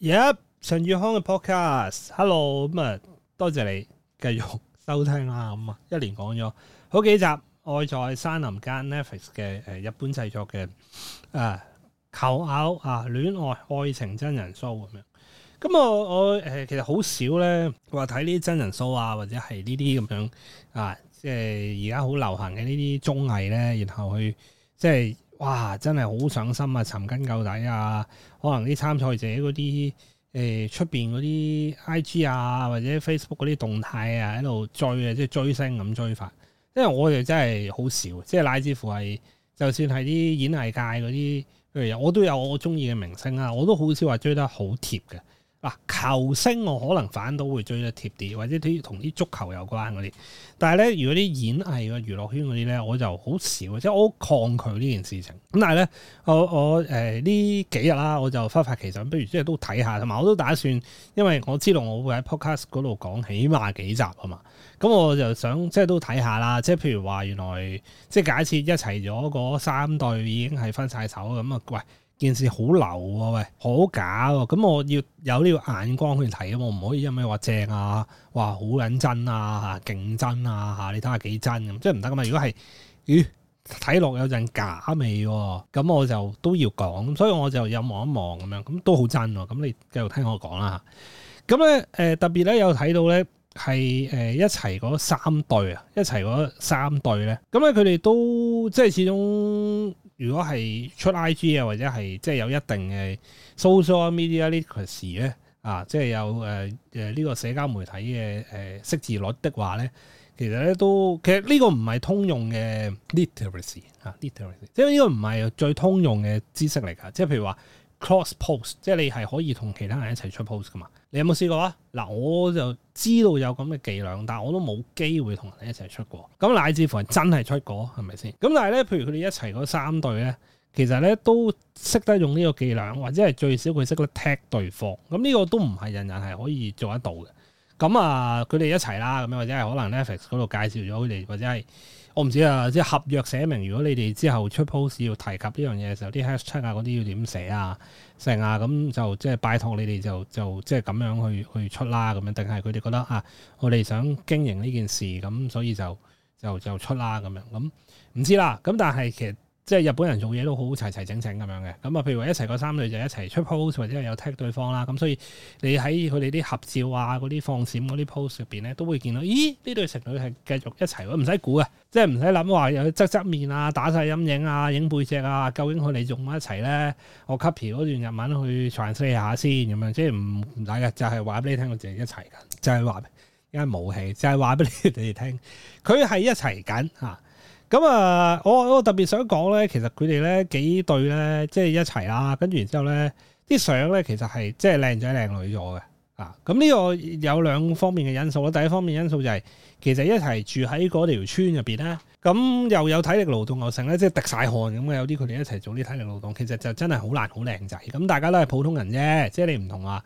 而家陳宇康嘅 podcast，Hello，咁啊，多謝你繼續收聽啦，咁啊，一連講咗好幾集《愛在山林間》Netflix 嘅誒日本製作嘅誒、呃、求偶啊戀愛愛情真人 show 咁樣，咁我我誒其實好少咧話睇呢啲真人 show 啊或者係呢啲咁樣啊，即係而家好流行嘅呢啲綜藝咧，然後去即係。哇！真係好上心啊，尋根究底啊，可能啲參賽者嗰啲誒出邊嗰啲 IG 啊，或者 Facebook 嗰啲動態啊，喺度追啊，即係追星咁追法。因為我哋真係好少，即係乃至乎係，就算係啲演藝界嗰啲，譬如我都有我中意嘅明星啊，我都好少話追得好貼嘅。啊、球星我可能反倒會追得貼啲，或者啲同啲足球有關嗰啲。但係咧，如果啲演藝啊、娛樂圈嗰啲咧，我就好少，即係我好抗拒呢件事情。咁但係咧，我我誒呢幾日啦，我，、呃、我就忽發，發奇想，不如即係都睇下，同埋我都打算，因為我知道我會喺 Podcast 嗰度講起碼幾集啊嘛。咁我就想即係都睇下啦。即係譬如話，原來即係假設一齊咗個三代已經係分晒手咁啊、嗯，喂！件事好流喎，喂、欸，好假喎，咁我要有呢個眼光去睇啊，我唔可以一味話正啊，哇，好認真啊，嚇，勁真啊，嚇，你睇下幾真咁、啊，即係唔得噶嘛。如果係咦，睇、呃、落有陣假味喎，咁我就都要講，所以我就又望一望咁樣，咁都好真喎、啊。咁你繼續聽我講啦嚇。咁咧，誒、呃、特別咧有睇到咧係誒一齊嗰三對啊，一齊嗰三對咧，咁咧佢哋都即係始終。如果係出 IG 啊，或者係即係有一定嘅 social media literacy 咧，啊，即係有誒誒呢個社交媒體嘅誒識字率的話咧，其實咧都其實呢個唔係通用嘅 literacy 啊 literacy，即係呢個唔係最通用嘅知識嚟㗎，即係譬如話 cross post，即係你係可以同其他人一齊出 post 㗎嘛。你有冇試過啊？嗱，我就知道有咁嘅伎倆，但係我都冇機會同人哋一齊出過，咁乃至乎係真係出過，係咪先？咁、嗯、但係咧，譬如佢哋一齊嗰三隊咧，其實咧都識得用呢個伎倆，或者係最少佢識得踢對方。咁呢個都唔係人人係可以做得到嘅。咁啊，佢哋一齊啦，咁樣或者係可能 Netflix 嗰度介紹咗佢哋，或者係。我唔知啊，即係合約寫明，如果你哋之後出 post 要提及呢樣嘢嘅時候，啲 hashtag 啊嗰啲要點寫啊，成啊，咁就即係拜託你哋就就即係咁樣去去出啦，咁樣，定係佢哋覺得啊，我哋想經營呢件事，咁所以就就就出啦，咁樣，咁唔知啦，咁但係其實。即係日本人做嘢都好齊齊整整咁樣，嘅，咁啊，譬如話一齊個三對就一齊出 pose 或者係有 take 對方啦，咁所以你喺佢哋啲合照啊、嗰啲放閃嗰啲 pose 入邊咧，都會見到，咦呢對情侶係繼續一齊，唔使估啊，即係唔使諗話有側側面啊、打晒陰影啊、影背脊啊，究竟佢哋仲唔一齊咧？我 copy 嗰段日文去 translate 下先，咁樣即係唔唔，大家就係話俾你聽，我淨係一齊緊，就係話啲武器，就係話俾你哋聽，佢係一齊緊吓。啊咁啊，我、嗯、我特別想講咧，其實佢哋咧幾對咧，即係一齊啦，跟住然之後咧，啲相咧其實係即係靚仔靚女咗嘅啊！咁呢個有兩方面嘅因素啦，第一方面因素就係、是、其實一齊住喺嗰條村入邊咧，咁、嗯、又有體力勞動嘅性咧，即係滴晒汗咁嘅，有啲佢哋一齊做啲體力勞動，其實就真係好難好靚仔，咁、嗯、大家都係普通人啫，即係你唔同啊。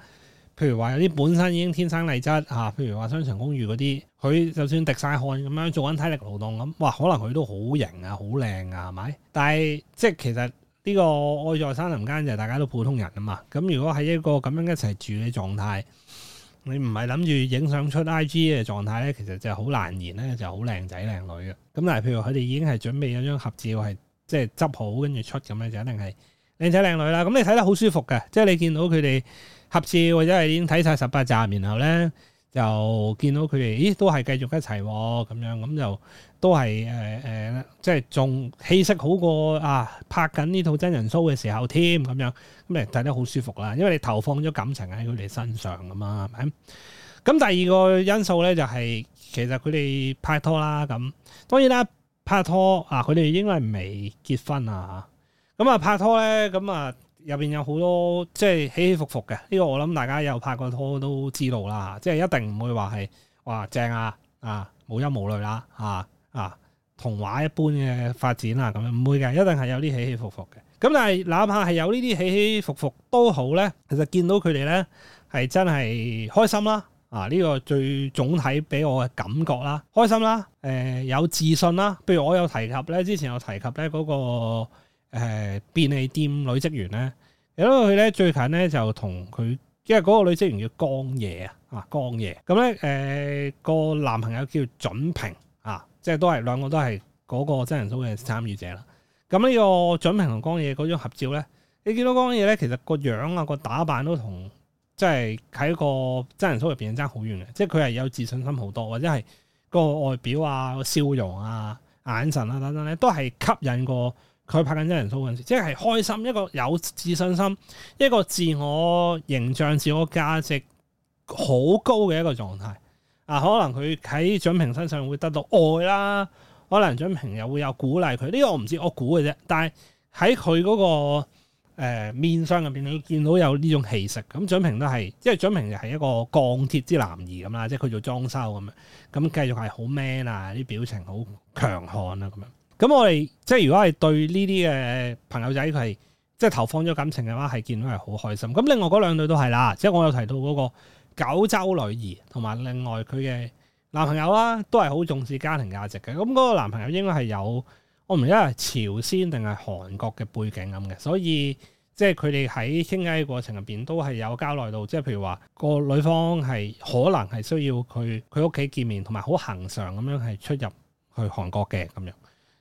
譬如話有啲本身已經天生麗質啊，譬如話商場公寓嗰啲，佢就算滴晒汗咁樣做緊體力勞動咁，哇，可能佢都好型啊，好靚啊，係咪？但係即係其實呢個愛在山林間就大家都普通人啊嘛。咁如果喺一個咁樣一齊住嘅狀態，你唔係諗住影相出 IG 嘅狀態咧，其實就好難言咧，就好靚仔靚女嘅。咁但係譬如佢哋已經係準備咗張合照係即係執好跟住出咁咧，就一定係靚仔靚女啦。咁你睇得好舒服嘅，即係你見到佢哋。合照或者係已經睇晒十八集，然後咧就見到佢哋，咦都係繼續一齊咁、哦、樣，咁就都係誒誒，即係仲氣息好過啊拍緊呢套真人 show 嘅時候添，咁樣咁嚟睇得好舒服啦，因為你投放咗感情喺佢哋身上咁嘛。係咪？咁第二個因素咧就係、是、其實佢哋拍拖啦，咁當然啦拍拖啊，佢哋應該係未結婚啊咁啊拍拖咧咁、嗯、啊。入邊有好多即係起起伏伏嘅，呢個我諗大家有拍過拖都知道啦，即係一定唔會話係哇正啊啊無憂無慮啦啊啊童話一般嘅發展啊，咁樣唔會嘅，一定係有啲起起伏伏嘅。咁但係哪怕係有呢啲起起伏伏都好咧，其實見到佢哋咧係真係開心啦啊！呢個最總體俾我嘅感覺啦，開心啦，誒有自信啦。譬如我有提及咧，之前有提及咧嗰個。誒、呃、便利店女職員咧，你睇到佢咧最近咧就同佢，因為嗰個女職員叫江野啊，啊江野，咁咧誒個男朋友叫準平啊，即係都係兩個都係嗰個真人 show 嘅參與者啦。咁呢個準平同江野嗰張合照咧，你見到江野咧，其實個樣啊、個打扮都同即係喺個真人 show 入邊爭好遠嘅，即係佢係有自信心好多，或者係個外表啊、笑容啊、眼神啊等等咧，都係吸引過。佢拍緊真人 show 嗰陣時，即係開心，一個有自信心，一個自我形象、自我價值好高嘅一個狀態。啊，可能佢喺蔣平身上會得到愛啦，可能蔣平又會有鼓勵佢。呢、這個我唔知，我估嘅啫。但係喺佢嗰個、呃、面相入邊，你見到有呢種氣息。咁、嗯、蔣平都係，因為蔣平又係一個鋼鐵之男兒咁啦，即係佢做裝修咁樣，咁繼續係好 man 啊，啲表情好強悍啊，咁樣。咁我哋即係如果係對呢啲嘅朋友仔佢係即係投放咗感情嘅話，係見到係好開心。咁另外嗰兩對都係啦，即係我有提到嗰個九州女兒同埋另外佢嘅男朋友啦，都係好重視家庭價值嘅。咁嗰個男朋友應該係有，我唔知係朝鮮定係韓國嘅背景咁嘅，所以即係佢哋喺傾偈過程入邊都係有交代到，即係譬如話個女方係可能係需要佢佢屋企見面，同埋好恒常咁樣係出入去韓國嘅咁樣。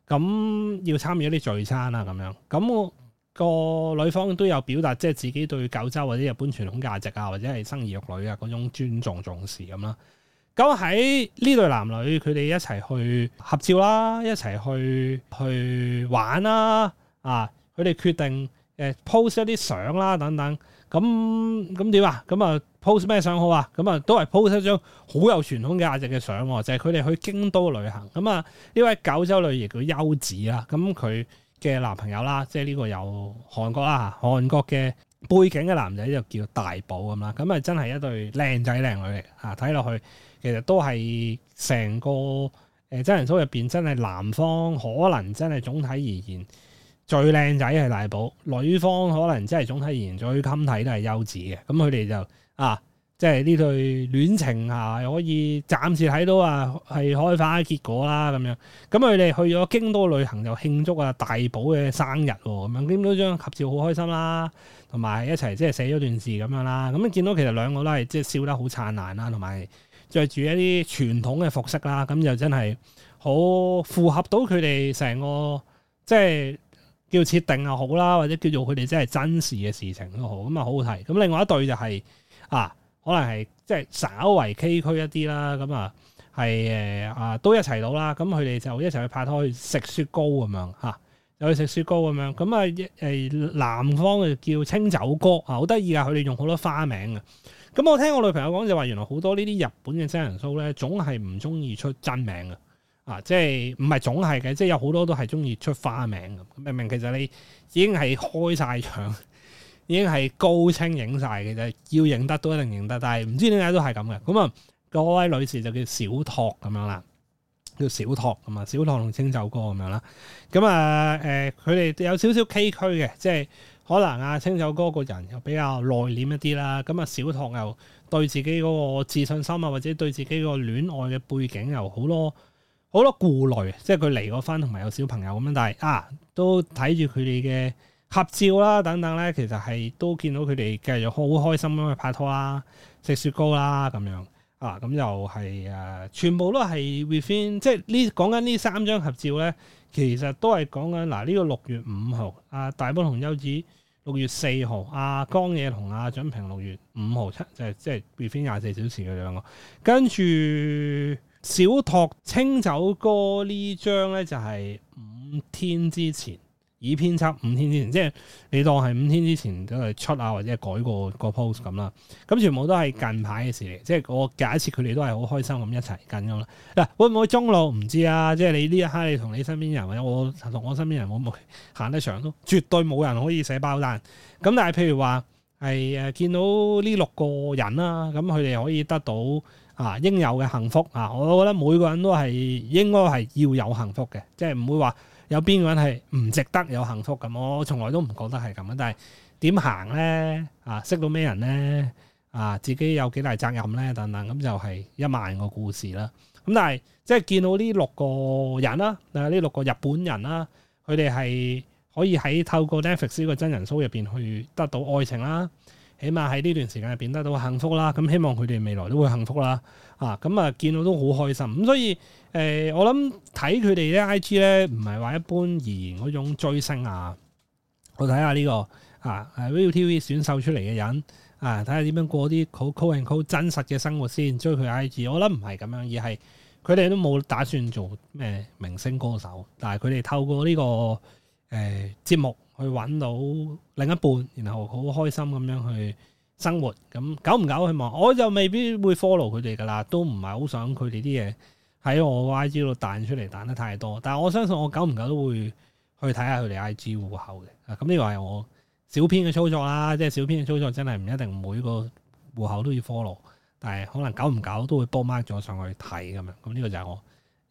咁要參與一啲聚餐啊，咁樣咁我、那個女方都有表達，即係自己對九州或者日本傳統價值啊，或者係生兒育女啊嗰種尊重重視咁啦。咁喺呢對男女佢哋一齊去合照啦，一齊去去玩啦，啊，佢哋決定。誒 post 一啲相啦，等等，咁咁點啊？咁啊 post 咩相好啊？咁啊都係 post 一張好有傳統嘅價值嘅相，就係佢哋去京都旅行。咁啊呢位九州女兒叫優子啦，咁佢嘅男朋友啦，即係呢個有韓國啊，韓國嘅背景嘅男仔就叫大寶咁啦。咁啊真係一對靚仔靚女嚟吓，睇落去其實都係成個誒真人 show 入邊真係男方可能真係總體而言，最靚仔係大寶，女方可能真係總體而言最襟睇都係優稚嘅，咁佢哋就啊，即係呢對戀情啊，可以暫時睇到啊，係開花結果啦咁樣。咁佢哋去咗京都旅行，就慶祝啊大寶嘅生日喎，咁、嗯、樣京都張合照好開心啦，同埋一齊即係寫咗段字咁樣啦。咁、嗯、見到其實兩個都係即係笑得好燦爛啦，同埋著住一啲傳統嘅服飾啦，咁就真係好符合到佢哋成個即係。叫設定又好啦，或者叫做佢哋真係真實嘅事情都好，咁啊好好睇。咁另外一對就係、是、啊，可能係即係稍為崎嶇一啲啦，咁啊係誒啊都一齊到啦，咁佢哋就一齊去拍拖，去食雪糕咁樣嚇，又、啊、去食雪糕咁樣。咁啊誒南方嘅叫清酒歌啊，好得意啊，佢哋用好多花名嘅。咁我聽我女朋友講就話，原來好多呢啲日本嘅真人 show 咧，總係唔中意出真名嘅。啊，即係唔係總係嘅，即係有好多都係中意出花名咁。明明其實你已經係開晒場，已經係高清影晒嘅啫，要影得到一定影得，但係唔知點解都係咁嘅。咁、嗯、啊，嗰、那個、位女士就叫小托咁樣啦，叫小托咁啊，小托同清酒哥咁樣啦。咁啊，誒、嗯，佢、呃、哋有少少崎嶇嘅，即係可能啊，清酒哥個人又比較內斂一啲啦，咁啊，小托又對自己嗰個自信心啊，或者對自己個戀愛嘅背景又好咯。好多顧慮，即係佢離過婚，同埋有小朋友咁樣，但係啊，都睇住佢哋嘅合照啦，等等咧，其實係都見到佢哋繼續好開心咁去拍拖啦、食雪糕啦咁樣啊，咁又係誒、啊，全部都係 within，即係呢講緊呢三張合照咧，其實都係講緊嗱呢個六月五號，阿、啊、大波同優子六月四號，阿、啊、江野同阿準平六月五號七，就係即係 within 廿四小時佢哋兩個，跟住。小托清酒歌呢張咧就係五天之前以編輯，已編輯五天之前，即係你當係五天之前都係出啊，或者改過個 post 咁啦。咁全部都係近排嘅事嚟，即係我假設佢哋都係好開心，咁一齊緊咁啦。嗱，會唔會中路唔知啊？即係你呢一刻，你同你身邊人或者我同我身邊人會唔會行得長？都絕對冇人可以寫包單。咁但係譬如話係誒，見到呢六個人啦，咁佢哋可以得到，啊，應有嘅幸福啊！我覺得每個人都係應該係要有幸福嘅，即係唔會話有邊個人係唔值得有幸福咁。我從來都唔覺得係咁啊。但係點行咧？啊，識到咩人咧？啊，自己有幾大責任咧？等等咁就係一萬個故事啦。咁但係即係見到呢六個人啦，啊呢六個日本人啦，佢哋係可以喺透過 Netflix 呢個真人 show 入邊去得到愛情啦。起碼喺呢段時間變得到幸福啦，咁希望佢哋未來都會幸福啦，啊，咁啊見到都好開心，咁所以誒、呃、我諗睇佢哋咧 IG 咧唔係話一般而言嗰種追星看看、這個、啊，我睇下呢個啊，係 ViuTV 選秀出嚟嘅人啊，睇下點樣過啲好 cool 真實嘅生活先，追佢 IG 我諗唔係咁樣，而係佢哋都冇打算做咩明星歌手，但係佢哋透過呢、這個誒、呃、節目。去揾到另一半，然後好開心咁樣去生活。咁久唔久去望，我就未必會 follow 佢哋噶啦，都唔係好想佢哋啲嘢喺我 IG 度彈出嚟彈得太多。但係我相信我久唔久都會去睇下佢哋 IG 戶口嘅。咁、啊、呢、這個係我小編嘅操作啦，即係小編嘅操作真係唔一定每個戶口都要 follow，但係可能久唔久都會 bookmark 咗上去睇咁樣。咁、啊、呢、這個就係我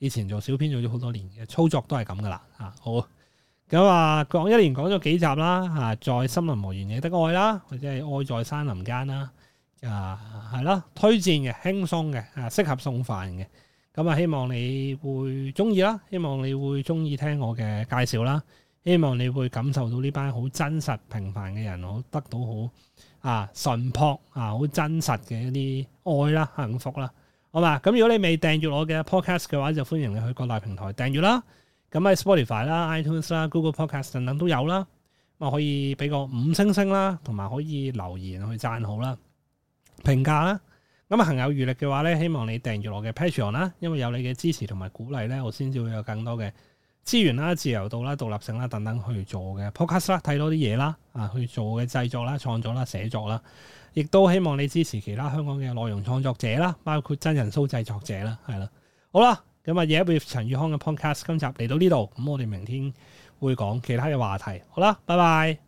以前做小編做咗好多年嘅操作都係咁噶啦。啊，好。咁啊，講、嗯、一年講咗幾集啦，啊，在森林無言嘅得愛啦，或者係愛在山林間啦，啊，係咯，推薦嘅，輕鬆嘅，啊，適合送飯嘅，咁啊，希望你會中意啦，希望你會中意聽我嘅介紹啦，希望你會感受到呢班好真實平凡嘅人，我得到好啊純樸、啊，好真實嘅一啲愛啦，幸福啦，好嘛？咁如果你未訂閱我嘅 podcast 嘅話，就歡迎你去各大平台訂閱啦。咁喺 Spotify 啦、Sp ify, iTunes 啦、Google Podcast 等等都有啦，咁啊可以俾個五星星啦，同埋可以留言去讚好啦、評價啦。咁、嗯、啊，行有餘力嘅話咧，希望你訂閱我嘅 Patreon 啦，因為有你嘅支持同埋鼓勵咧，我先至會有更多嘅資源啦、自由度啦、獨立性啦等等去做嘅 Podcast 啦，睇多啲嘢啦，啊去做嘅製作啦、創作啦、寫作啦，亦都希望你支持其他香港嘅內容創作者啦，包括真人 show 製作者啦，係啦，好啦。有乜嘢？With 陳宇康嘅 Podcast，今集嚟到呢度，咁我哋明天會講其他嘅話題。好啦，拜拜。